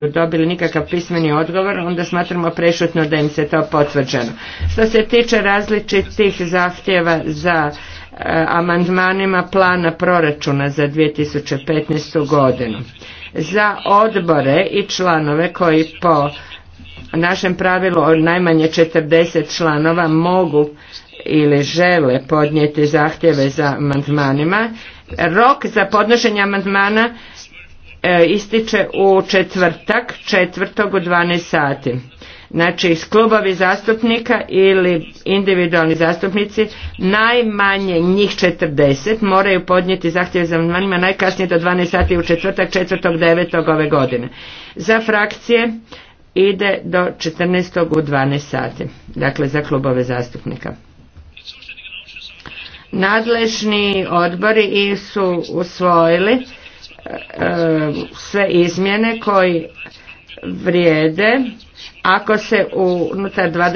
dobili nikakav pismeni odgovor, onda smatramo prešutno da im se to potvrđeno. Što se tiče različitih zahtjeva za e, amandmanima plana proračuna za 2015. godinu. Za odbore i članove koji po našem pravilu od najmanje 40 članova mogu ili žele podnijeti zahtjeve za amandmanima, rok za podnošenje amandmana E, ističe u četvrtak, četvrtog u 12 sati. Znači, klubovi zastupnika ili individualni zastupnici, najmanje njih 40, moraju podnijeti zahtjev za amandmanima najkasnije do 12 sati u četvrtak, četiridevet ove godine. Za frakcije ide do 14. u 12 sati, dakle za klubove zastupnika. Nadležni odbori su usvojili E, sve izmjene koji vrijede ako se unutar